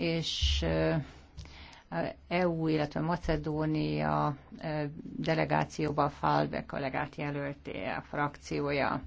és EU, illetve Macedónia delegációban Falbe kollégát jelölté a frakciója.